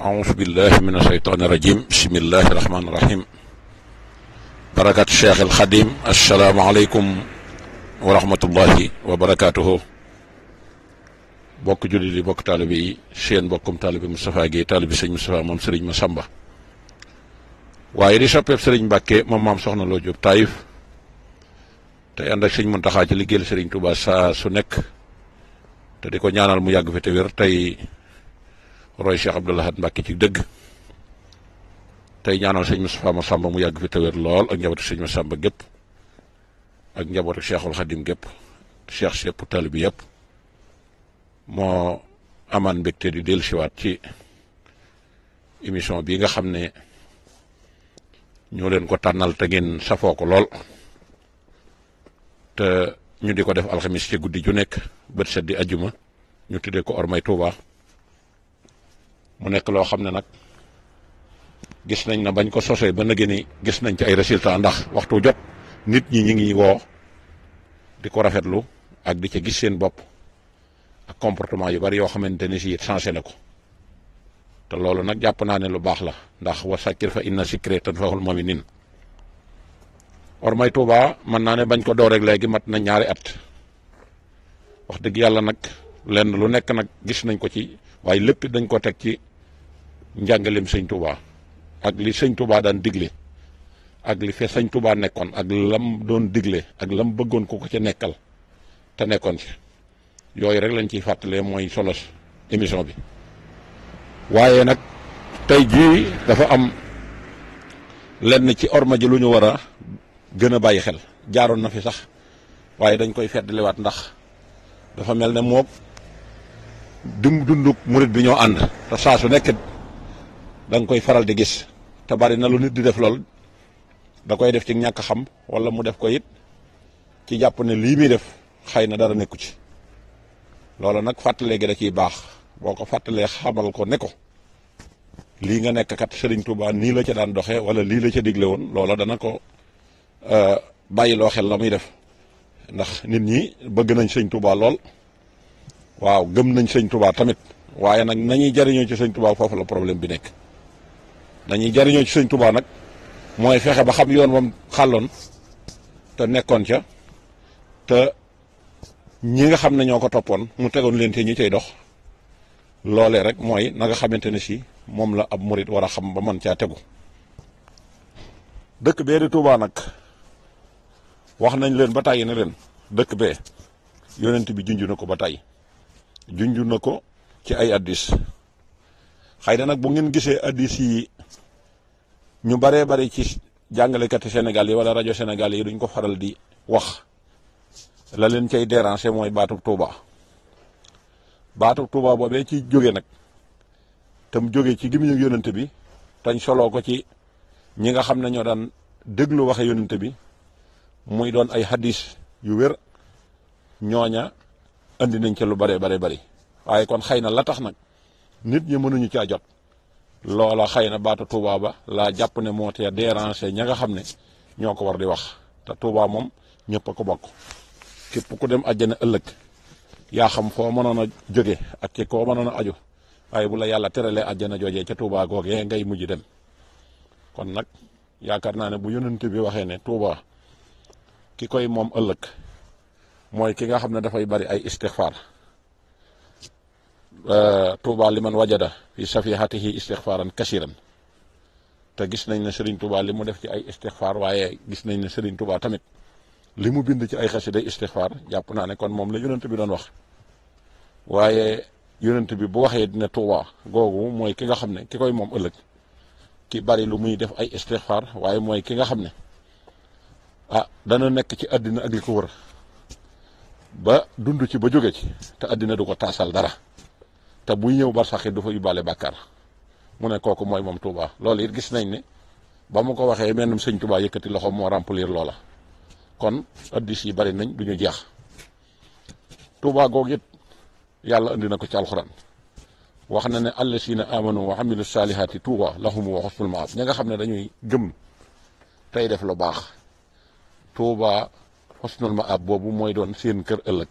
aousu billahi min asheytaani irajim bismillahi irahmaani irahim barakat cheikh alxadim asalaamaaleykum wa rahmatullahi wa barakatuhu bokk jullit yi bokk taalibe yi seen bokkum taalibe Moustapha Guèye taalibe sëriñ Moustapha moom sëriñ Massamba waaye di soppeeb sëriñ Mbàkke moom maam soxna Loo Jóob Taayif tey ànd ak sëriñ Muntaxaa ci liggéeyal sëriñ Tuubaa saa su nekk te di ko ñaanal mu yàgg fi te wér roy Cheikh Abdou Lahad Mbacké ci dëgg tey ñaano sëñ Moustapha samba mu yàgg fi tawér lool ak njabootu sëñ ak njabootu Cheikhul Khadim gépp cheikh sépp taalibe bi yëpp moo amaan mbégte di dellusiwaat ci émission bii nga xam ne ñoo leen ko tànnal te ngeen safoo ko lool te ñu di ko def alxamis ci guddi ju nekk bët set ajuma ñu tuddee ko ormay Touba mu nekk loo xam ne nag gis nañ na bañ ko sosee ba nëgë gis nañ ci ay résultats ndax waxtu jot nit ñi ñu ngi woo di ko rafetlu ak di ca gis seen bopp ak comportement yu bari yoo xamante ni si changé na ko te loolu nag jàpp naa ne lu baax la ndax wa sakkir fa inna moom tanfa'ul mu'minin or may Touba mën naa ne bañ ko door rek léegi mat nañ ñaari at wax dëgg yàlla nag lenn lu nekk nag gis nañ ko ci waaye lépp dañ ko teg ci njàngaleem sëñ Touba ak li sëñ Touba daan digle ak li fee sëñ Touba nekkoon ak lam doon digle ak lam bëggoon ku ko ci nekkal te nekkoon ci yooyu rek lañ ciy fàttalee mooy solos émission bi waaye nag tey jii dafa am lenn ci orma ji lu ñu war a gën a bàyyi xel jaaroon na fi sax waaye dañ koy feddaliwaat ndax dafa mel ne mook dum dunduk murit bi ñoo ànd te saa su nekk danga koy faral di gis te bari na lu nit di def lool da koy def ci ñàkk xam wala mu def ko it ci jàpp ne lii muy def xëy na dara nekku ci loolu nag fàttalee gi da ciy baax boo ko fàttalee xamal ko ne ko lii nga nekk kat Serigne Touba nii la ca daan doxee wala lii la ca digle woon loola dana ko euh, bàyyi loo xel la muy def ndax nit ñi bëgg nañ Sëñ Touba lool waaw gëm nañ Sëñ Touba tamit waaye nag nañuy jariñoo ci Sëñ Touba foofu la problème bi nekk dañuy jariñoo ci sëñ Tuubaa nag mooy fexe ba xam yoon wam xalloon te nekkoon ca te ñi nga xam ne ñoo ko toppoon mu tegoon leen te ñi cay dox loole rek mooy na nga xamante ne si moom la ab murit war xam ba mën caa tegu dëkk bee di Tuubaa nag wax nañ leen ba tàyyi na leen dëkk bee yonent bi junj na ko ba tàyyi junj na ko ci ay addis xëy na nag bu ngeen gisee addis yi ñu baree bari ci jàngalekati Sénégal yi wala rajo Sénégal yi duñ ko faral di wax la leen cay déranger mooy baatu Touba baatub Touba boobee ci jóge nag tam jóge ci gimiñu yonent bi tañ soloo ko ci ñi nga xam ne ñoo daan déglu waxe yonent bi muy doon ay hadis yu wér ñooña andi nañ ci lu bare bare bari waaye kon xëy na la tax nag nit ñi mënuñu a jot loola xëy na baatu Touba ba laa jàpp ne moo tee déranger ña nga xam ne ñoo ko war di wax te Touba moom ñëpp a ko bokk képp ku dem àjjana ëllëg yaa xam foo mënoon a jóge ak ci koo mënoon a aju waaye bu la yàlla teralee àjjana joojee ca Touba googee ngay mujj dem kon nag yaakaar naa ne bu yonent bi waxee ne Touba ki koy moom ëllëg mooy ki nga xam ne dafay bari ay istixfaar Euh, Touba liman wajada fi safihatihi istixfaaran kasiran te gis nañ ne Serigne Touba li mu def ci ay istixfaar waaye gis nañ ne Serigne Touba tamit li mu bind ci ay xasida istixfaar jàpp naa ne kon moom la yonent bi doon wax waaye yonent bi bu waxee dina Touba googu mooy ki nga xam ne ki koy moom ëllëg ki bari lu muy def ay istixfaar waaye mooy ki nga xam ne ah dana nekk ci àddina ak wër ba dund ci ba jóge ci te àddina du ko taasal dara. te buy ñëw barsax it du fa yóbbaale bàkkaar mu ne kooku mooy moom Touba loolu it gis nañ ne ba mu ko waxee mennum sëñ Touba yëkkati loxo moo remplir loola kon addis bari nañ du ñu jeex Touba googu yàlla indi na ko ci alxuraan wax na ne allasiina amanu wa amilu saalihaati Touba lahum wa xusnul maab ña nga xam ne dañuy gëm tey def lu baax Touba xusnul maab boobu mooy doon seen kër ëllëg.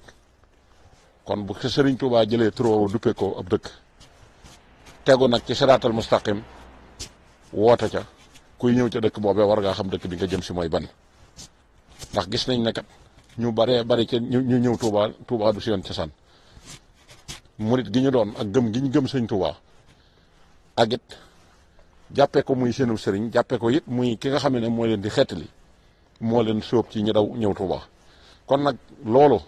kon bu sëriñ Tuubaa jëlee tur woowu duppee ko ab dëkk tegu nag ci siraatal mustaqim woote ca kuy ñëw ca dëkk boobee war ngaa xam dëkk bi nga jëm si mooy ban ndax gis nañ ne ñu baree bari ca ñu ñëw Tuubaa Tuubaa du seen mu murit gi ñu doon ak gëm gi ñu gëm sëñ Tuubaa ak it jàppee ko muy seenu sëriñ jàppee ko it muy ki nga xam ne moo leen di xeetali moo leen sóob ci ñu daw ñëw Tuubaa kon nag loolu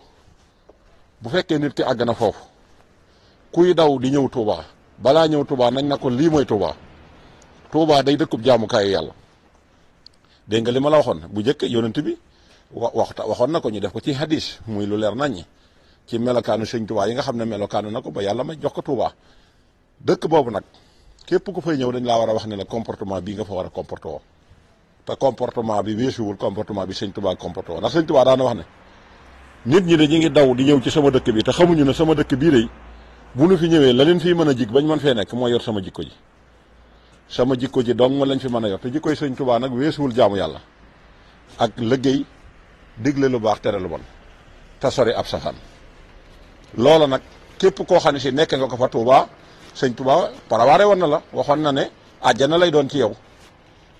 bu fekkee nit ki àgg na foofu kuy daw di ñëw Touba balaa ñëw Touba nañ na ko lii mooy Touba Touba day dëkkub jaamukaayu yàlla dégg nga li ma la waxoon bu njëkk yonent bi wa waxta waxoon na ko ñu def ko ci hadis muy lu leer naññi ci melokaanu sëñ Touba yi nga xam ne melokaanu na ko ba yàlla may jox ko Touba dëkk boobu nag képp ku fay ñëw dañ laa war a wax ne la comportement bi nga fa war a comporté woo te comportement bi weesuwul comportement bi sëñ Touba comporté woo ndax sëñ Touba daana wax ne. nit ñi de ñu ngi daw di ñëw ci sama dëkk bi te xamuñu ne sama dëkk bii day bu nu fi ñëwee la leen fiy mën a jig bañ mën fee nekk moo yor sama jikko ji sama jikko lañ fi mën a yor te jikkoy sëñ Tuubaa nag weesuwul jaamu yàlla ak liggéey digle lu baax tere lu bon te ab safaan loola nag képp koo xam ne si nekk nga ko fa Tuubaa sëñ Tuubaa parawaare woon na la waxoon na ne àjjana lay doon ci yow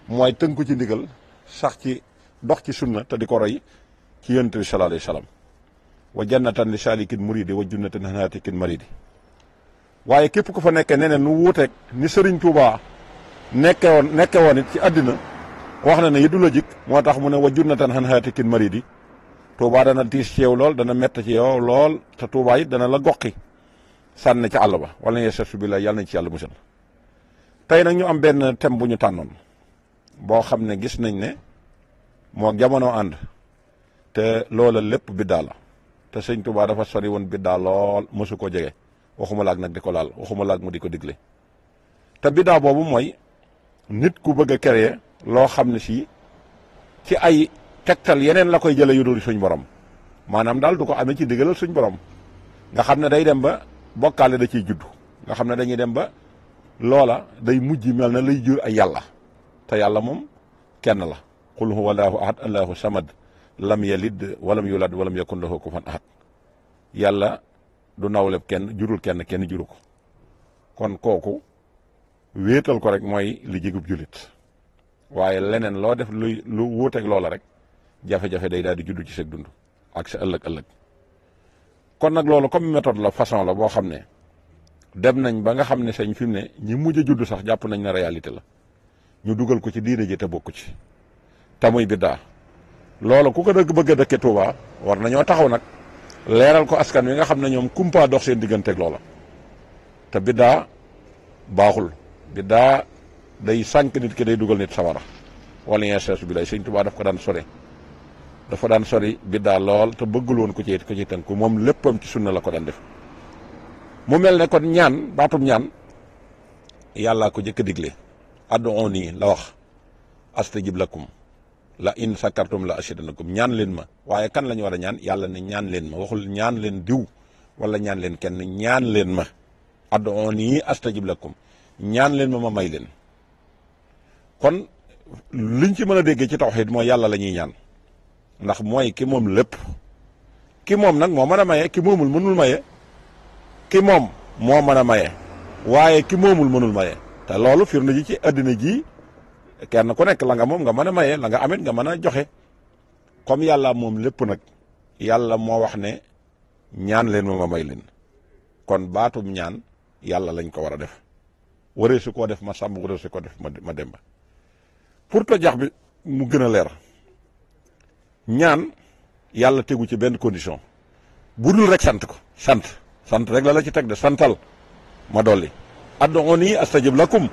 mooy tënku ci ndigal sax ci dox ci sunna te di ko roy ci yonent bi sallallahu alayhi wa jannatan li saalikin muridi wa junnatan hanaatikin maridi waaye képp ku fa nekkee neneen na nu wuuteeg ni Serigne Touba nekke woon nekke woon it ci àddina wax na ne yëddu la jik moo tax mu ne wa junnatan hanaatikin maridi Touba dana tiis ci yow lool dana mett ci yow lool te Touba it dana la goqi sànni ci àll ba wala yeesu bi la yàlla nañ ci yàlla musal tey nag ñu am benn thème bu ñu tànnoon boo xam ne gis nañ ne moo jamono ànd te loola lépp bi la te sëñ Touba dafa sori woon biddaa lool mosu ko jege waxuma laag nag di ko laal waxuma laag mu di ko digle te biddaa boobu mooy nit ku bëgg a créer loo xam ne si ci ay tegtal yeneen la koy jële yu dul suñ borom maanaam daal du ko ame ci digalal suñ borom nga xam ne day dem ba bokkaale da ciy juddu nga xam ne dañuy dem ba loola day mujj mel na lay jur ay yàlla te yàlla moom kenn la qul huwa allahu ahad allahu samad lam yalid walam yulad walam yakun lahu kufuwan ahad yàlla du nawleb kenn jurul kenn kenn juru ko kon kooku wéetal ko rek mooy lu jigub julit waaye leneen loo def luy lu wuuteeg loola rek jafe-jafe day daal di juddu ci sa dund ak sa ëllëg ëllëg kon nag loolu comme méthode la façon la boo xam ne dem nañ ba nga xam ne sañ fi ne ñi mujj a judd sax jàpp nañ na réalité la ñu dugal ko ci diine ji te bokku ci tamuy daa loolu ku ko dëgg bëgg a dëkke Touba war nañoo taxaw nag leeral ko askan wi nga xam ne ñoom kumpa dox seen digganteeg loola te biddaa baaxul biddaa day sànq nit ki day dugal nit sawara wala inses bi lay sëñ Touba daf ko daan sore dafa daan sori biddaa lool te bëggul woon ku ci ku ci tënku moom léppam ci sunna la ko daan def mu mel ne kon ñaan baatum ñaan yàllaa ko jëkk digle adduuni la wax astajib lakum la in sakartum la ashidanakum ñaan leen ma waaye kan la ñu war ñaan yàlla ne ñaan leen ma waxul ñaan leen diw wala ñaan leen kenn ñaan leen ma ad'uni astajib lakum ñaan leen ma may leen kon liñ ci mën a déggee ci tawxiid mooy yàlla la ñuy ñaan ndax mooy ki moom lépp ki moom nag moo mën a maye ki moomul mënul maye ki moom moo mën a maye waaye ki moomul mënul maye te loolu firnde ji ci àddina ji kenn ku nekk la nga moom nga mën a maye la nga amit nga mën a joxe comme yàlla moom lépp nag yàlla moo wax ne ñaan leen ma may leen kon baatum ñaan yàlla lañ ko war a def waree su koo def ma sàmm waree su koo def ma demba pour to jax bi mu gën a leer ñaan yàlla tegu ci benn condition bu rek sant ko sant sant rek la la ci teg de santal ma dolli adduuni astajib lakum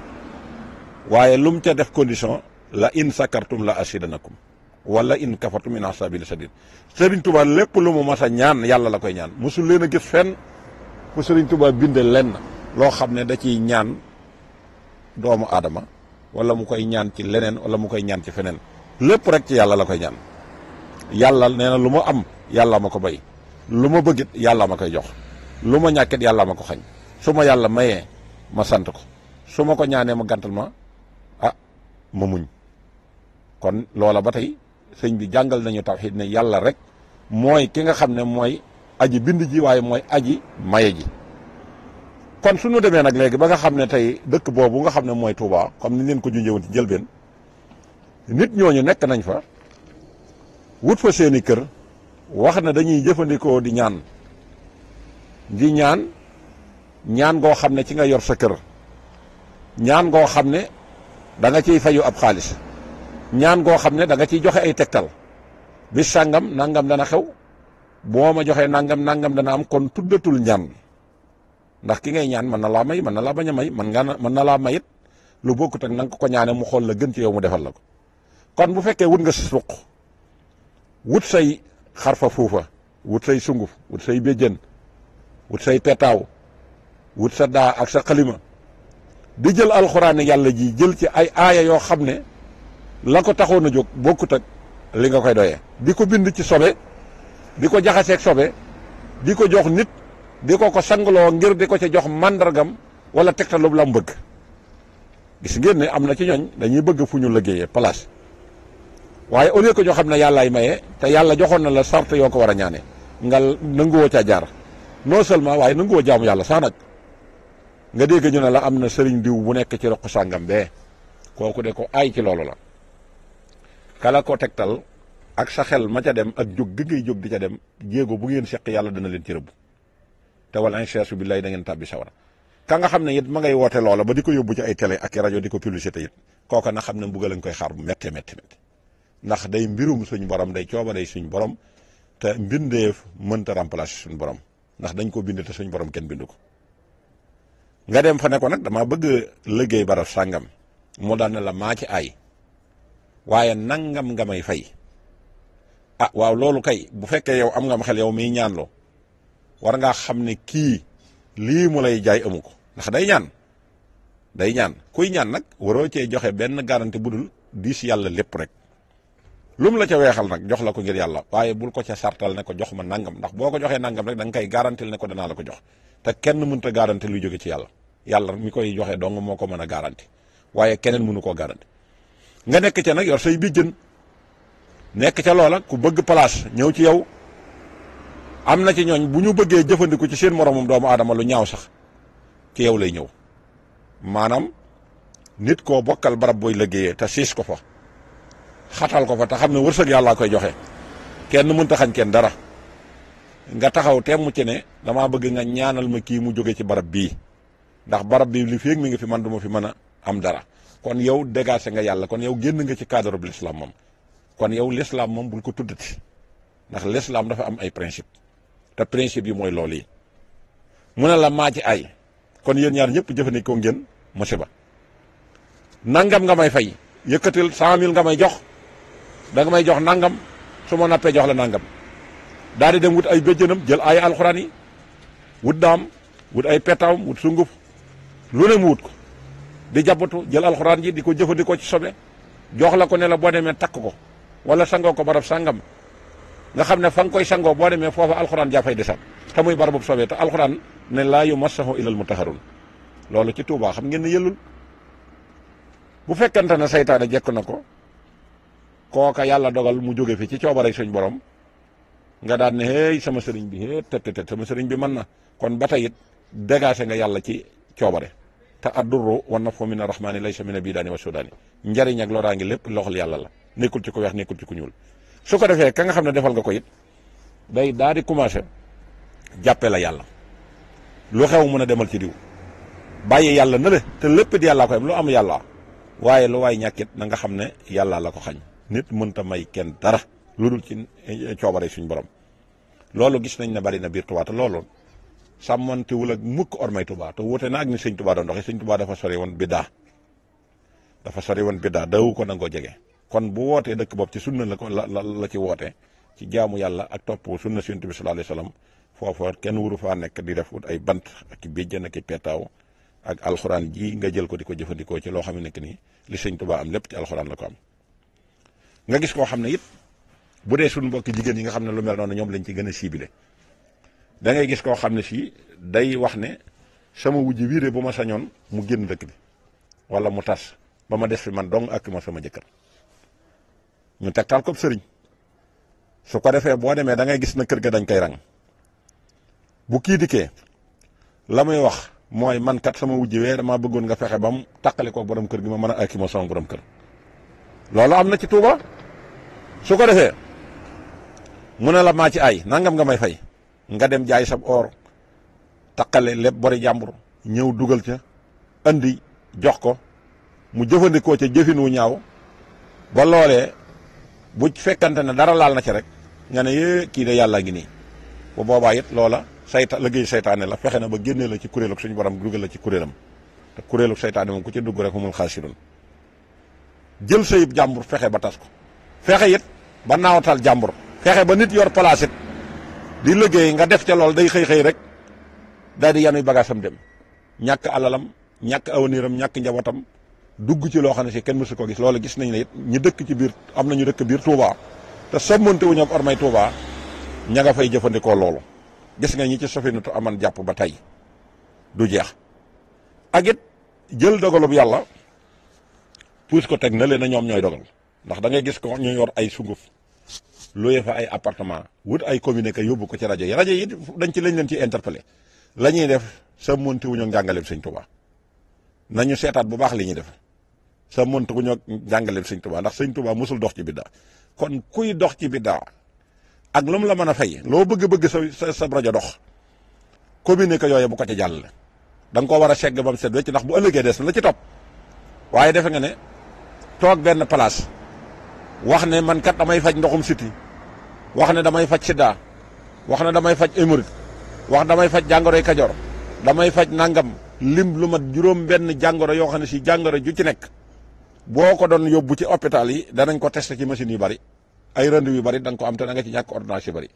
waaye lu mu ca def condition la in sakartum la asidanakum wala in kafartum in asabil sadid Serigne Touba lépp lu mu mas a ñaan yàlla la koy ñaan mosul leen a gis fen fu Serigne Touba bind lenn loo xam ne da ciy ñaan doomu aadama wala mu koy ñaan ci leneen wala mu koy ñaan ci feneen lépp rek ci yàlla la koy ñaan yàlla nee na lu ma am yàlla ma ko bay lu ma bëggit yàlla ma koy jox lu ma ñàkkit yàlla ma ko xañ su ma yàlla mayee ma sant ko su ma ko ñaanee ma gàntal ma ma muñ kon loola ba tey sëñ bi jàngal nañu tawxiid ne yàlla rek mooy ki nga xam ne mooy aji bind ji waaye mooy aji maye ji kon sunu demee nag léegi ba nga xam ne tey dëkk boobu nga xam ne mooy Touba comme ni leen ko junjee woon ci njëlbeen nit ñooñu nekk nañ fa wut fa seeni kër wax na dañuy jëfandikoo di ñaan di ñaan ñaan goo xam ne ci nga yor sa kër ñaan goo xam ne danga nga ciy fayu ab xaalis ñaan goo xam ne danga ciy joxe ay tegtal bi sàngam nangam dana xew boo ma joxee nangam nangam dana am kon tuddatul ñaan ndax ki ngay ñaan mën na laa may mën na laa bañ a may mën nga mën na laa mayit lu bokkut ak na ko ñaane mu xool la gën ci yow mu defal la ko kon bu fekkee wut nga suq wut say xarfa fuufa wut say sunguf wut say béjjën wut say petaaw wut sa daa ak sa xalima di jël alxuraan yàlla ji jël ci ay aaya yoo xam ne la ko taxoon a jóg bokkut ak li nga koy doyee. di ko bind ci sobe di ko jaxaseeg sobe di ko jox nit di ko ko sangloo ngir di ko ca jox màndargam wala tegtalub la mu bëgg gis ngeen ne am na ci ñooñ dañuy bëgg fu ñu liggéeyee place waaye au lieu que ñoo xam ne yàllaay maye te yàlla joxoon na la sart yoo ko war a ñaane nga nanguwoo caa jaar non seulement waaye nanguwoo jaamu yàlla sax nag. nga dégg ñu ne la am na sëriñ diw bu nekk ci roq sàngam bee kooku de ko ay ci loolu la kala ko tegtal ak sa xel ma ca dem ak jóg gi ngay jóg di ca dem jéego bu ngeen seq yàlla dana leen ci rëbb te wala inchaasu billahi da ngeen tàbbi sawara ka nga xam ne it ma ngay woote loola ba di ko yóbbu ci ay télé ak rajo di ko publicité it kooka na xam ne mbugal lañ koy xaar bu métti métti ndax day mbirum suñ borom day coobaree suñ borom te mbindeef mënta remplacer borom ndax dañ ko bind te borom kenn bindu ko nga dem fa ne ko nag damaa bëgg liggéey barab sàngam mu daan ne la maa ci ay waaye nangam nga may fay ah waaw loolu kay bu fekkee yow am ngam xel yow miy ñaanloo war ngaa xam ne kii lii mu lay jaay amu ko ndax day ñaan day ñaan kuy ñaan nag waroo cee joxe benn garantie bu dul diis yàlla lépp rek lum la ca weexal nag jox la ko ngir yàlla waaye bul ko ca sartal ne ko jox ma nangam ndax boo ko joxee nangam rek da nga koy garantil ne ko danaa la ko jox te kenn mënta garanti luy jóge ci yàlla yàlla mi koy joxe dong moo ko mën a garanti waaye keneen mënu koo garanti nga nekk ca nag yor say bi jën nekk ca loola ku bëgg place ñëw ci yow am na ci ñooñ bu ñu bëggee jëfandiku ci seen moromam doomu aadama lu ñaaw sax ci yow lay ñëw maanaam nit koo bokkal barab booy liggéeyee te siis ko fa xatal ko fa te xam ne wërsëg yàllaa koy joxe kenn mënta xañ kenn dara nga taxaw mu ci ne damaa bëgg nga ñaanal ma kii mu jóge ci barab bii ndax barab bi li feeg mi ngi fi man duma fi mën a am dara kon yow dégagé nga yàlla kon yow génn nga ci cadre bu l'islam moom kon yow l'islam moom bul ko tudd tuddati ndax l'islam dafa am ay principe te principe yi mooy loolu yi mu ne la maa ci ay kon yéen ñaar ñëpp jëfandikoo ngeen musiba nangam nga may fay yëkkatil cent mille nga may jox da nga may jox nangam su ma nappee jox la nangam daal di dem wut ay bëjjënam jël ay alxuraan yi wut daam wut ay petawam wut sunguf lu ne mu wut ko di jàppatu jël alxuraan ji di ko jëfandikoo ci sobe jox la ko ne la boo demee takk ko wala sangoo ko barab sàngam nga xam ne fa koy sangoo boo demee foofa alxuraan jaa fay desaat te muy barabu sobe te alxuraan ne laa yumassahu ilal mutahharun loolu ci Tuubaa xam ngeen ne yëllul bu fekkante ne saytaane jekk na ko kooka yàlla dogal mu jóge fi ci coobare suñ borom nga daan ne hey sama sëriñ bi hey tët tët sama sëriñ bi man na kon ba tey it nga yàlla ci coobare. te addurru wan na foo min arrahmaani laysa min abidaani wa sudaani njariñ ak loraa ngi lépp loxol yàlla la nekkul ci ko weex nekkul ci ku ñuul su ko defee ka nga xam ne defal nga ko it day daal di commencé jàppee la yàlla lu xew mën a demal ci diw bàyyi yàlla na le te lépp yàllaa ko am lu am yàlla waaye lu waaye ñàkkit na nga xam ne yàllaa la ko xañ nit mënta may kenn dara lu dul ci eh, coobare suñ borom loolu gis nañ ne bari na biir tuwaata looloon sàmmantewul ak mukk ormay tubaa te wute na ak ni sëñ Touba doon doxee sëñ Touba dafa sori woon biddaa dafa sori woon biddaa dawu ko nangoo jege kon bu wootee dëkk bopp ci sunna la ko la la ci wootee ci jaamu yàlla ak topp sunna si Yonent bi sallallahu alayhi wa sallam kenn wuru faa nekk di def ut ay bant ak i béjjën ak i petaaw ak alxuraan ji nga jël ko di ko jëfandikoo ci loo xam ne nekk nii li sëñ tubaa am lépp ci alxuraan la ko am nga gis koo xam ne it bu dee suñu mbokki jigéen yi nga xam ne lu mel noonu ñoom lañ ci gën a ciblé da ngay gis koo xam ne sii day wax ne sama wujj wiire bu ma sañoon mu génn dëkk bi wala mu tas ba ma des fi man dong ak ma sama jëkkër ñu tegtal ko sëriñ su ko defee boo demee da ngay gis na kër ga dañ koy rang bu kii dikkee la muy wax mooy mankat sama wujj wee damaa bëggoon nga fexe ba mu takkale ko borom kër gi ma mën a akki ma sama borom kër loolu am na ci Tuuba su ko defee mu ne la maa ci ay nangam nga may fay nga dem jaay sab or taqale lépp bori jàmbur ñëw dugal ca andi jox ko mu jëfandikoo ca jëfin wu ñaaw ba loolee bu fekkante ne dara laal na ci rek nga ne yee kii de yàlla ngi nii bu boobaa it loola la liggéey seytaane la fexe na ba génnee la ci kuréel suñu borom dugal la ci kuréelam te kuréelu seytaane moom ku ci dugg rek mu si xaasirun jël sayib jàmbur fexe ba tas ko fexe it ba naawatal jàmbur fexe ba nit yor place di liggéey nga def ca lool day xëy xëy rek daal di yanuy bagaasam dem ñàkk alalam ñàkk awaniram ñàkk njabootam dugg ci loo xam ne si kenn mësu ko gis loolu gis nañ ne ñu dëkk ci biir am na ñu dëkk biir Touba te sommante ña nga fay jëfandikoo loolu gis nga ñi ci sofinatu aman jàpp ba tey du jeex ak it jël dogalub yàlla puus ko teg na leen na ñoom ñooy dogal ndax da ngay gis ko ñu yor ay sunguf looyee fa ay appartement wut ay communiqué yóbbu ko ci rajo yi rajo yi dañ ci lañ leen ci interpellé la ñuy def sa monti wuñu njàngaleem sëñ Tuubaa nañu seetaat bu baax li ñuy def sa monti wuñu njàngaleem sëñ Tuubaa ndax sëñ Tuubaa musul dox ci biddaa kon kuy dox ci biddaa ak lu mu la mën a fay loo bëgg-bëgg sa sa sa rajo dox communiqué yooyu bu ko ci jàll da nga koo war a segg ba mu set wecc ndax bu ëllëgee des na la ci topp waaye defe nga ne toog benn place. wax ne man kat damay faj ndoxum siti wax ne damay faj sida wax ne damay faj émorite wax damay faj jàngoroy kajoor damay faj nangam lim lu mat juróom benn jàngoro yoo xam ne si jàngoro ju ci nekk boo ko doon yóbbu ci hôpital yi danañ ko testé ci machines yu bari ay rendu yu bari da ko am te da ci ñàkk ordonnance yu bari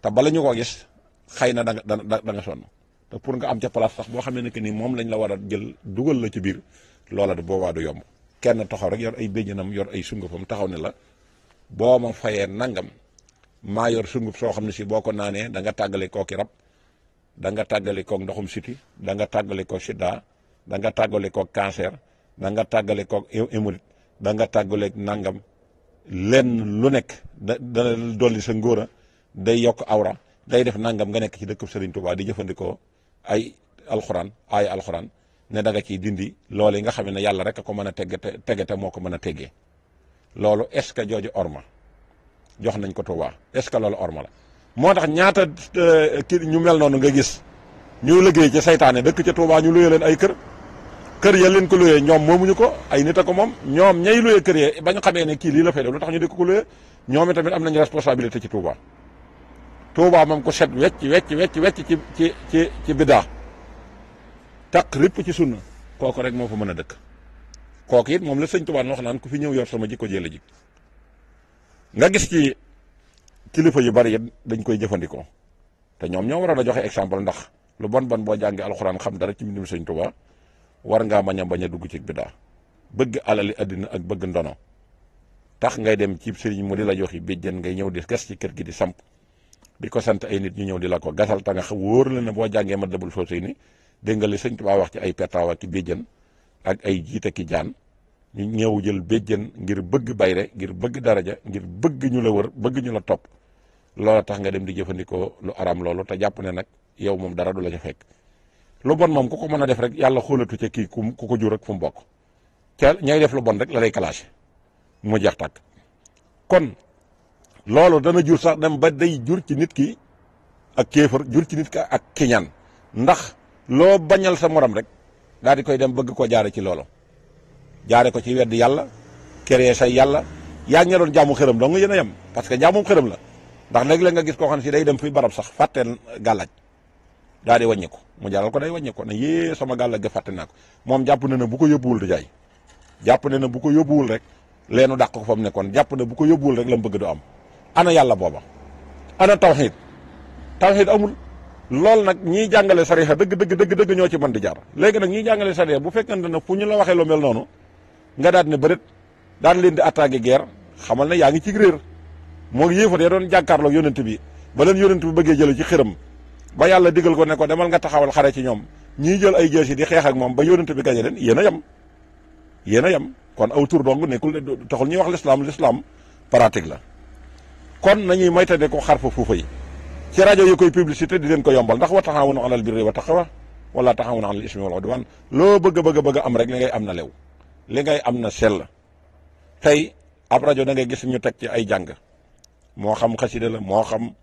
te ñu ko gis xëy na da nga da nga sonn te pour nga am ca place sax boo xamee ne que ni moom lañ la war a jël dugal la ci biir loola du boobaa du yomb kenn taxaw rek yor ay béjjënam yor ay sungufam taxaw ne la boo ma fayee nangam maa yor sunguf soo xam ne si boo ko naanee danga nga tàggale kooki rab da nga tàggale koog ndoxum siti da nga tàggale koog sida da nga tàggale koog cancer da nga tàggale koog émurit da nga tàggale nangam len lu nekk da da dolli sa ngóora day yokk awra day def nangam nga nekk ci dëkk Serigne Touba di jëfandikoo ay alxuraan ay alxuraan. ne da nga ciy dindi loolu yi nga xam ne yàlla rek a ko mën a tegg tegete moo ko mën a teggee loolu est ce que jooju orma jox nañ ko Tuubaa est ce que loolu orma la moo tax ñaata euh, ki ñu mel noonu nga gis ñu liggéey ci saytaane dëkk ca Tuubaa ñu luyee leen ay kër kër ya leen ko luyee ñoom moomuñu ko ay nit a ko moom ñoom ñay luyee kër ya ba ñu xamee ne kii lii la fay def lu tax ñu dëkk ko luyee ñoom itamit am nañ responsabilité ci Tuubaa Tuubaa moom ko set wecc wecc wecc wecc ci ci ci ci biddaa taq lépp ci sunna kooku rek moo fa mën a dëkk kooku it moom la sëñ Tuubaa wax naan ku fi ñëw yor sama jikko jëla ji nga gis ci kilifa yu bari it dañ koy jëfandikoo te ñoom ñoo waroon a joxe exemple ndax lu bon bon boo jàngee alxuraan xam dara ci mbindum sëñ Tuubaa war ngaa mañ a bañ a dugg ci biddaa bëgg alali addina ak bëgg ndono tax ngay dem ci sëriñ mu di la jox joxi béjjën ngay ñëw di gas ci kër gi di samp di ko sant ay nit ñu ñëw di la ko gasal ta nga wóor la ne boo jàngee ma dabul foofu ni dégg nga li sëñ Tuubaa wax ci ay petaawa ki béjjën ak ay jiite ki jaan ñu ñëw jël béjjën ngir bëgg bayre ngir bëgg daraja ngir bëgg ñu la wër bëgg ñu la topp loola tax nga dem di jëfandikoo lu aram loolu te jàpp ne nag yow moom dara du la ca fekk lu bon moom ku ko mën a def rek yàlla xoolatu ca kii ku ku ko jur rek fu mu bokk ca ñay def lu bon rek la lay clashé mu jeex tàkk kon loolu dana jur sax dem ba day jur ci nit ki ak kéefër jur ci nit ki ak kiñaan loo bañal sa morom rek daal di koy dem bëgg koo jaare ci loolu jaare ko ci wedd yàlla kéré say yàlla yaa ngi doon jaamu xërëm dong yéen a yem parce que jaamum xërëm la ndax léeg-léeg nga gis koo xam ne si day dem fi barab sax fàtteel gàllaaj daal di wàññi ko mu jaral ko day wàññi na ne sama gàllaaj ga fàtte naa ko moom jàpp na ne bu ko yóbbuwul du jaay jàpp ne na bu ko yóbbuwul rek leenu daq ko fa mu nekkoon jàpp na bu ko yóbbuwul rek la mu bëgg du am ana yàlla booba loolu nag ñiy jàngale sarixa dëgg dëgg dëgg dëgg ñoo ci mën di jaar léegi nag ñiy jàngale sarixa bu fekkante ne fu ñu la waxee lu mel noonu nga daat ne bërit daan leen di attaqué guerre xamal ne yaa ngi ci réer moo yéefat de doon jàkkaarloog yonent bi ba leen yonent bi bëggee jële ci xiram ba yàlla digal ko ne ko demal nga taxawal xare ci ñoom ñiy jël ay jees yi di xeex ak moom ba yonent bi gañe leen yéen a yem yéen a yem kon aw tur dong nekkul taxul ñuy wax lislaam lislaam pratique la kon nañuy moytandi ko xarfa fuufa yi ci rajo yi koy publicité di leen ko yombal ndax wa taxaawunu alal birri wa taqwa wala taxaawunu alal ismi wal udwan loo bëgg a bëgg a bëgg am rek li ngay am na lew li ngay am na sell tey ab rajo da ngay gis ñu teg ci ay jàng moo xam xasida la moo xam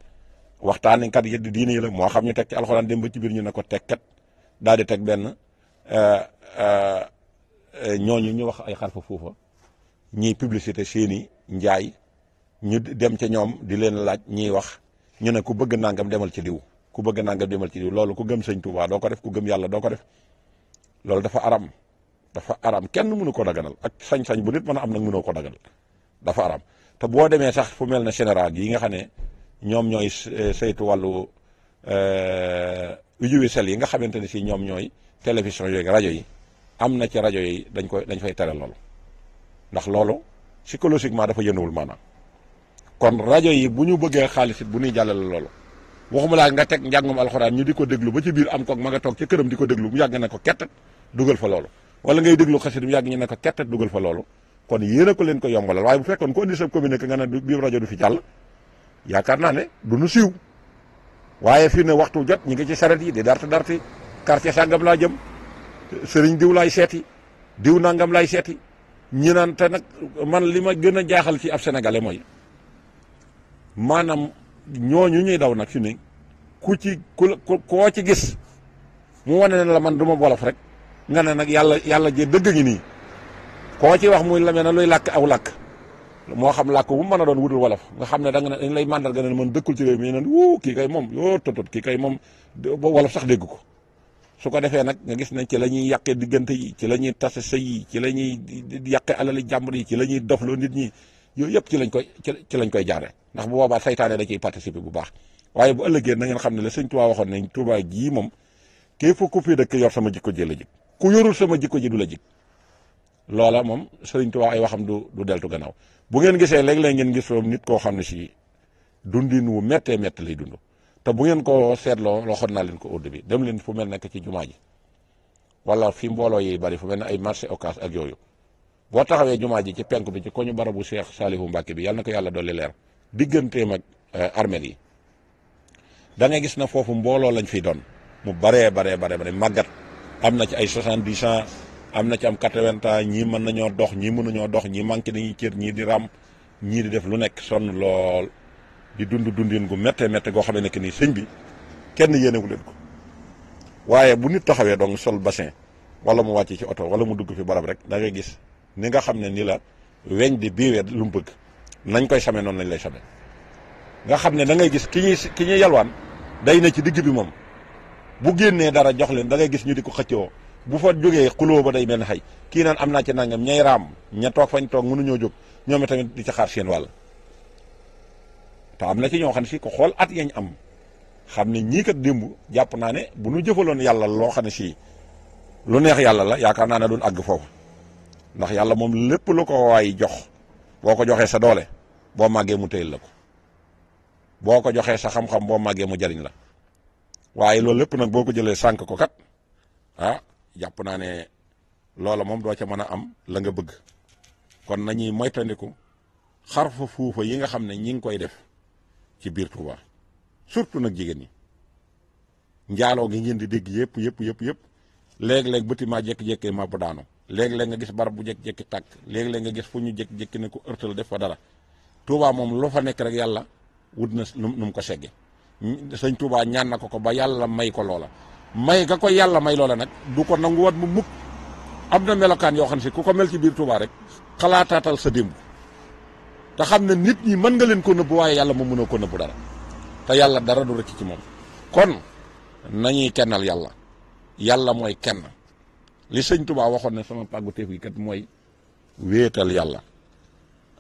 waxtaanikat yi di diine la moo xam ñu teg ci alxuraan dem ba ci biir ñu ne ko tekkat daal di teg benn euh, euh, ñooñu ñu wax ay xarfa foofa ñiy publicité seeni njaay ñu dem ca ñoom di leen laaj ñiy wax ñu ne ku bëgg nangam demal ci diw ku bëgg nangam demal ci diw loolu ku gëm sëñ Tuubaa doo ko def ku gëm yàlla doo ko def loolu dafa aram dafa aram kenn mënu ko daganal ak sañ bu nit mën a am nag mënoo ko dagal dafa aram te boo demee sax fu mel ne général yi nga xam ne ñoom ñooy eh, saytu wàllu audiovisuel eh, yi nga xamante ne si ñoom ñooy télévision yooyu rajo yi am na ci rajo yi dañ koy dañ fay tere loolu ndax loolu psychologiquement dafa yënuwul maana kon rajo yi bu ñu bëggee xaalisit it bu ñuy jàllale loolu waxuma laa nga teg njàngum alxuraan ñu di ko déglu ba ci biir am ko ma nga toog ca këram di ko déglu mu yàgg ne ko kettat dugal fa loolu wala ngay déglu xasit mu yàgg ñu ne ko kettat dugal fa loolu kon yéen a ko leen ko yombalal waaye bu fekkoon ko indi sa communiqué nga ne biir rajo du fi jàll yaakaar naa ne du nu siiw waaye fii ne waxtu jot ñi nga ci saret yi di darti darti quartier sàngam laa jëm sëriñ diw laay seeti diw nangam laay seeti ñi naan te nag man li ma gën a jaaxal ci ab sénégalais mooy maanaam ñooñu ñuy daw nag fi ne ku ci ku koo ci gis mu wane ne la man du ma wolof rek nga ne nag yàlla yàlla jë dëgg ngi nii koo ci wax muy lame na looy làkk aw làkk moo xam làkk bu mu a doon wutul wolof nga xam ne da nga ne dañ lay màndarga ne man dëkkul ci réew mi ne wuu kii kay moom yoo totot kii kay moom wolof sax dégg ko su ko defee nag nga gis nañ ci la ñuy yàqee diggante yi ci la ñuy tase sëy ci la ñuy yàqee alali jàmbur yi ci la ñuy dofloo nit ñi yooyu yëpp ci lañ koy ci lañ koy jaare ndax bu boobaa seytaanee da ciy participer bu baax waaye bu ëllëgee na xam ne la sëñ Tuubaa waxoon nañ Tuubaa gii moom képp ku fi dëkk yor sama jikko ji la jik ku yorul sama jikko ji du la jik loola moom sëriñ Tuubaa ay waxam du du deltu gannaaw bu ngeen gisee léeg-léeg ngeen gis foofu nit koo xam ne si dundin wu mettee métti lay dund te bu ngeen ko seetloo waxoon naa leen ko ordre bi dem leen fu mel nekk ci jumaa ji wala fi mbooloo yi bari fu mel ne ay marché occas ak yooyu boo taxawee jumaa ji ci penku bi ci koñu barabu Cheikh Salihu Mbacke bi yàlla na ko yàlla dolli leer digganteem ak eh, armel yi da gis na foofu mbooloo lañ fiy doon mu baree baree baree bare màggat am na ci ay soixante-dix ans am na ci am quatre-vingts ans ñii mën nañoo dox ñii mënuñoo dox ñii manqué nañuy cër ñii di ram ñii di def lu nekk sonn lool di dund dundin gu méttee méttee goo xam ne nii sëñ bi kenn yéenewu leen ko waaye bu nit taxawee dong sol bassin wala mu wàcc ci oto wala mu dugg fi barab rek da ngay gis. ni nga xam ne ni la weñ di biiwee lu mu bëgg nañ koy same noonu lañ lay same nga xam ne da ngay gis ki ñuy ki ñuy yalwaan day ne ci digg bi moom bu génnee dara jox leen dangay gis ñu di ko xëccoo bu fa jógee xuloo ba day mel ne xëy kii naan am naa ci nangam ñay raam ña toog fañ toog ñoo jóg ñoom tamit di ci xaar seen wàll te am na ci ñoo xam ne si ko xool at yañ am xam ne ñii kat démb jàpp naa ne bu nu jëfaloon yàlla loo xam ne sii lu neex yàlla la yaakaar naa ne doon àgg foofu ndax yàlla moom lépp lu ko waay jox boo ko joxee sa doole boo màggee mu téyel la ko boo ko joxee sa xam-xam boo màggee mu jariñ la waaye loolu lépp nag boo ko jëlee sànq ko kat ah jàpp naa ne loola moom doo ca mën a am la nga bëgg kon nañuy moytandiku xar fa fuufa yi nga xam ne ñi ngi koy def ci biir Touba surtout nag jigéen ñi njaaloo gi ngeen di dégg yëpp yëpp yëpp yëpp léeg-léeg bëti maa jékki-jékki ma bu daanu léegi léeg nga gis barab bu jékki-jékki tàkk léegi léeg nga gis fu ñu jékki-jékki ne ko ërtal def fa dara Touba moom loo fa nekk rek yàlla wut na nu mu ko segge sañ Touba ñaan na ko ko ba yàlla may ko loola may nga ko yàlla may loola nag du ko nanguwaat mu mukk am na melokaan yoo xam ne si ku ko mel ci biir Touba rek xalaataatal sa démb te xam ne nit ñi mën nga leen ko nëbb waaye yàlla moom mënoo ko nëbb dara te yàlla dara du rëcc ci moom kon nañuy yàlla yàlla mooy kenn li sëñ Tuubaa waxoon ne sama pàgguteef gi kat mooy wéetal yàlla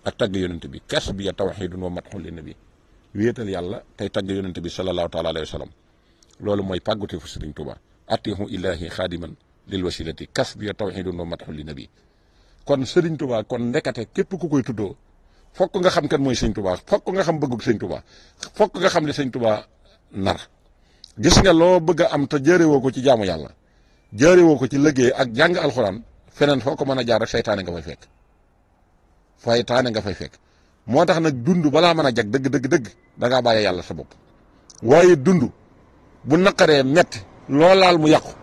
ak tagg yonent bi kas bi ya tawxiidun wa matxul li nabi wéetal yàlla tey tagg yonent bi salallaahu taala alayhi wa sallam loolu mooy pàgguteefu sëriñ Tuubaa atihu ilahi xaadiman lil wasilati kas bi ya tawxiidun wa matxul li nabi kon sëriñ Tuubaa kon ndekate képp ku koy tuddoo fokk nga xam kan mooy sëñ Tuubaa fokk nga xam bëggug sëñ Tuubaa fokk nga xam li sëñ Tuubaa nar gis nga loo bëgg a am te jërewoo ko ci jaamu yàlla jaarewoo ko ci liggéey ak jàng alxuraan feneen foo ko mën a jaar rek saytaane nga fay fekk saytaane nga fay fekk moo tax nag dund balaa mën a jag dëgg dëgg dëgg da ngaa bàyyi yàlla sa bopp waaye dund bu naqaree metti laal mu yàqu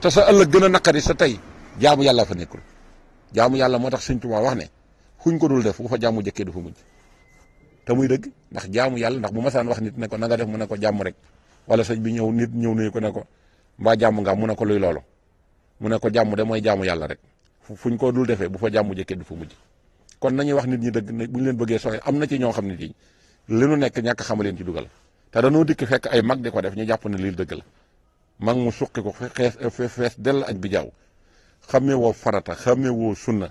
te sa ëllëg gën a naqari sa tey jaamu yàlla fa nekkul jaamu yàlla moo tax Sëñ Tuubaa wax ne ñu ko dul def bu fa jaamu jëkkee du fa mujj te muy dëgg ndax jaamu yàlla ndax bu masaan wax nit ne ko na nga def mu ne ko jàmm rek wala sëñ bi ñëw nit ñëw nuyu ko ne ko mbaa jàmm nga mu ne ko luy loolu mu ne ko jàmm de mooy jàmm yàlla rek fuñ ko dul defee bu fa jàmm jëkkee du fa mujj kon nañuy wax nit ñi dëgg ne bu ñu leen bëggee sooy am na ci ñoo xam ne li nu nekk ñàkk xama leen ci dugal te dañoo dikk fekk ay mag di ko def ñu jàpp ne lii dëgg la mag mu suqi ko xees fees dell ak bi jaaw xamee woo farata xamee woo sunna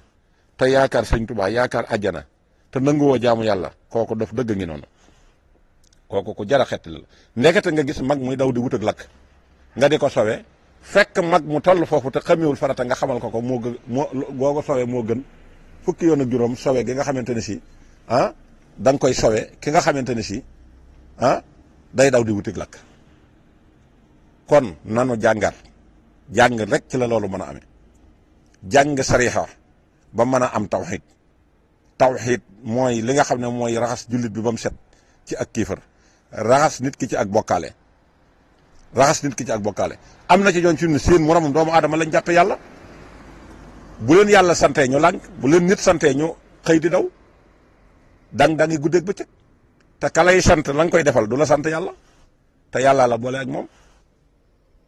te yaakaar sëñ tubaa yaakaar ajana te nangu woo jaamu yàlla kooku daf dëgg ngi noonu kooku ku jara xett la ndekete nga gis mag muy daw di wut ak lakk nga di ko sowe fekk mag mu toll foofu te xamewul farata nga xamal ko ko moo gën moo boo ko sowe moo gën fukki yoon ak juróom sowe gi nga xamante ne si ah koy sowe ki nga xamante ni si ah, day daw di wutig lakk kon nanu jàngat jàng rek ci la loolu mën a ame jàng sariixa ba mën a am tawxiid tawxiit mooy li nga xam ne mooy raxas jullit bi ba mu set ci ak kiifar raxas nit ki ci ak bokkaale raxas nit ki ci ak bokkaale am na ci ñooñ fi mu ne seen moromam doomu aadama lañ jàppe yàlla bu leen yàlla santee ñu lànk bu leen nit santee ñu xëy di daw dang-dangi guddeeg bëccëg te ka lay sant la koy defal du la sant yàlla te yàlla la boole ak moom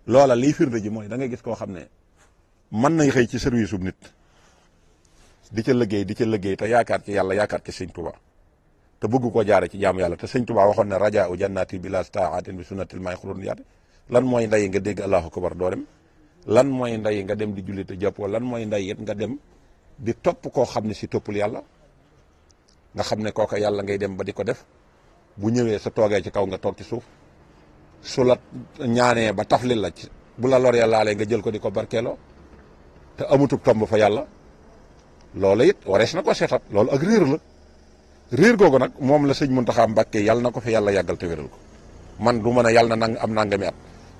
loola lii firnde ji mooy da ngay gis koo xam ne man nañ xëy ci service ub nit di ca liggéey di ca ci yàlla yaakaar ci sëñ tuba te bëgg koo jaare ci jaamu yàlla te sëñ Tuubaa waxoon ne rajaa o jannaati bila staatin bi lan mooy nday nga dégg allahu akbar doo dem lan mooy nday nga dem di julli te jàppoo lan mooy nday it nga dem di topp koo xam ne si toppul yàlla nga xam ne kooka yàlla ngay dem ba di ko def bu ñëwee sa toogee ci kaw nga toog ci suuf su la ñaanee ba tafli la ci bu la loree laalee nga jël ko di ko barkeeloo te amutub tomb fa yàlla loolu it warees na ko seetat loolu ak réer la réer googu nag moom la sëñ Muntaxa Mbàkke yàlla na ko fi yàlla yàggal te wéral ko man du mën a yàlla na nang am nangami at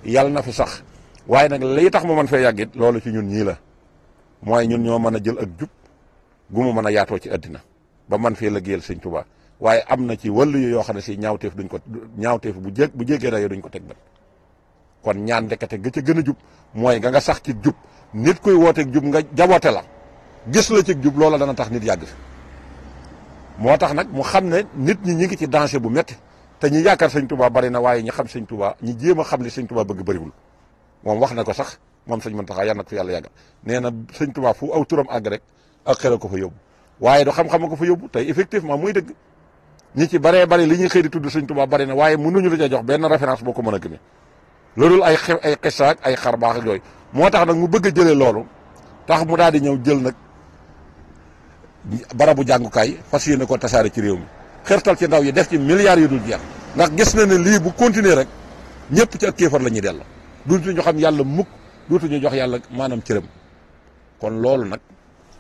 yal na fi sax waaye nag lii tax mu mën fee yàggit loolu ci ñun ñii la mooy ñun ñoo mën a jël ak jub gu mu mën a yaatoo ci àddina ba man fee liggéeyal sëñ Tuubaa waaye am na ci wàllu yoo xam ne si ñaawteef duñ ko ñaawteef bu jé bu jéggee dayoo duñ ko teg bët kon ñaan ndekete ga ca gën a jub mooy nga nga sax ci jub nit kuy wooteeg jub nga jaboote la gis la ci jub loola dana tax nit yàgg fi moo tax nag mu xam ne nit ñi ñi ngi ci danger bu métti te ñi yaakaar sëñ tubaa bari na waaye ñi xam sëñ Touba ñi jéem a xam li sëñ Touba bëgg bëriwul moom wax na ko sax moom sëñ Mountakha yàlla na ko fi yàlla yàgga nee na sëñ Touba fu aw turam àgg rek ak xel ko fa yóbbu waaye du xam-xam ko fa yóbbu tey effectivement muy dëgg ñi ci baree bari li ñuy xëy di tudd sëñ Touba bari na waaye mënuñu la ca jox benn référence boo ko mën a gëmee loolu ay xe ay xisa ay xar baax ak moo tax nag mu bëgg a jëlee loolu tax mu daal di ñëw jël nag barabu jàngukaay fas yéene ko tasaare ci mi xertal ci ndaw yi def ci milliards yu dul jeex ndax gis na ne lii bu continuer rek ñëpp ci ak kéefar la ñuy dellu duutuñu xam yàlla mukk ñu jox yàlla maanaam cëram kon loolu nag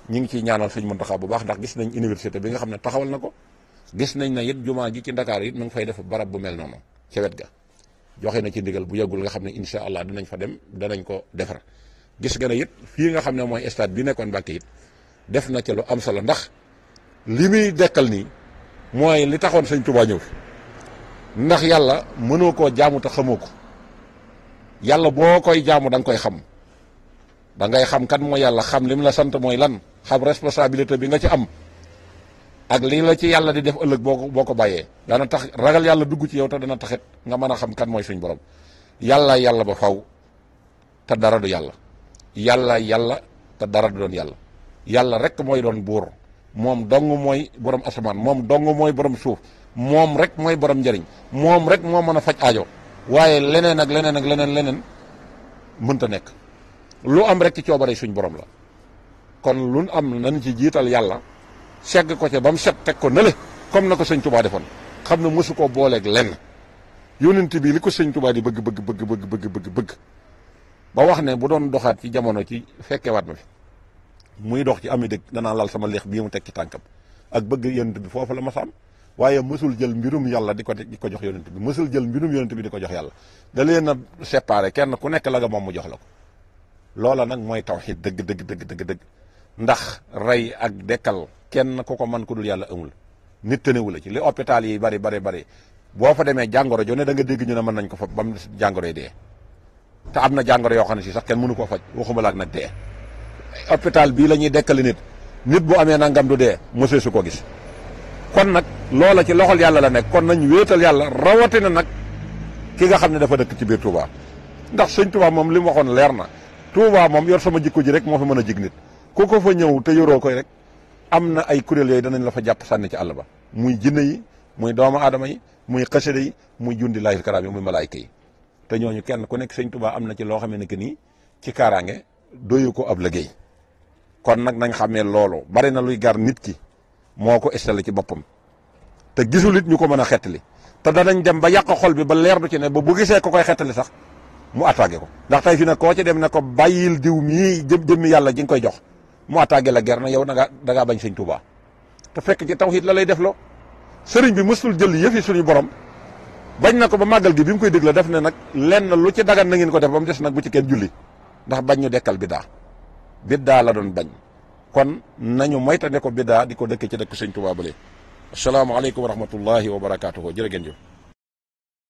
ñi ngi ciy ñaanal sëñ Muntaxa bu baax ndax gis nañ université bi nga xam ne taxawal na ko gis nañ ne it jumaa ji ci Ndakaar it mu ngi fay def barab bu mel noonu ca wet ga joxe na ci ndigal bu yàggul nga xam ne incha allah dinañ fa dem danañ ko defar gis nga ne it fii nga xam ne mooy stade bi nekkoon Mbàkke it def na ca lu am solo ndax li muy nii mooy li taxoon sëñ Tuubaa ñëw ndax yàlla mënoo koo jaamu te xamoo ko yàlla boo koy jaamu danga koy xam da ngay xam kan mooy yàlla xam li lim la sant mooy lan xam responsabilité bi nga ci am ak lii la ci yàlla di def ëllëg boo ko boo ko bàyyee dana tax ragal yàlla dugg ci yow te dana taxit nga mën a xam kan mooy suñ borom yàlla yàlla ba faw te dara du yàlla yàlla yàlla te dara du doon yàlla yàlla rek mooy doon buur moom dong mooy borom asamaan moom dong mooy borom suuf moom rek mooy borom njariñ moom rek moo mën a faj aajo waaye leneen ak leneen ak leneen leneen mënta nekk lu am rek ci coobare suñ borom la kon lu am nañ ci jiital yàlla segg ko ca ba mu set teg ko nële comme na ko sëñ Tuubaa defoon xam na mësu ko booleeg lenn yónent bii li ko sëñ Tuubaa di bëgg bëgg bëgg bëgg bëgg bëgg bëgg ba wax ne bu doon doxaat ci jamono ci fekkewaat ma fi muy dox ci ami dëkk danaa lal sama leex bii mu teg ci tànkam ak bëgg yonent bi foofu la ma saam waaye mësul jël mbirum yàlla di ko di ko jox yonent bi mësul jël mbirum yonent bi di ko jox yàlla da leen a séparé kenn ku nekk la nga moom mu jox la ko loola nag mooy taw dëgg dëgg dëgg dëgg dëgg ndax rey ak dekkal kenn ku ko mën ku dul yàlla amul nit tënewu ci li hôpital yi bari bari bari boo fa demee jàngoro jo ne da nga dégg ñu ne mën nañ ko fa ba mu jàngoro yi am na jàngoro yoo xam ne si sax kenn mënu ko faj waxuma la ak nag hôpital bii la ñuy dekkali nit nit bu amee nangam du dee mosee suko gis kon nag loola ci loxol yàlla la nekk kon nañ wéetal yàlla rawatina nag ki nga xam ne dafa dëkk ci biir Touba ndax sëñ Touba moom li mu waxoon leer na Touba moom yor sama jikko ji rek moo fi mën a jig nit ku ko fa ñëw te yoroo koy rek am na ay kuréel yooyu danañ la fa jàpp sànni ci àll ba muy jinne yi muy doomu aadama yi muy xasida yi muy jundi laahil karaam yi muy malaayka yi te ñooñu kenn ku nekk sëñ Touba am na ci loo xam ne que nii ci kaaraange doyu ko ab liggéey kon nag nañ xamee loolu bari na luy gar nit ki moo ko installé ci boppam te gisul it ñu ko mën a xettali te danañ dem ba yàq xol bi ba leer du ci ne ba bu gisee ko koy xettali sax mu attaqué ko ndax tey fi ne koo ci dem ne ko bàyyil diw mii jëm jëmmi yàlla ji nga koy jox mu attaqué la ger na yow da ngaa bañ sëñ Tuubaa te fekk ci tawhid la lay def loo sëriñ bi mësul jël yëfi suñu borom bañ na ko ba màggal gi bi mu koy déglu def ne nag lenn lu ci dagan na ngeen ko def ba des nag bu ci kenn julli ndax bañ ñu dekkal bi daa biddaa la doon bañ kon nañu moytande ko biddaa di ko dëkkee ci dëkk sëñ Tuubaa bële asalaamaaleykum wa rahmatullahi wa barakaatuhu jërë ngeen jëf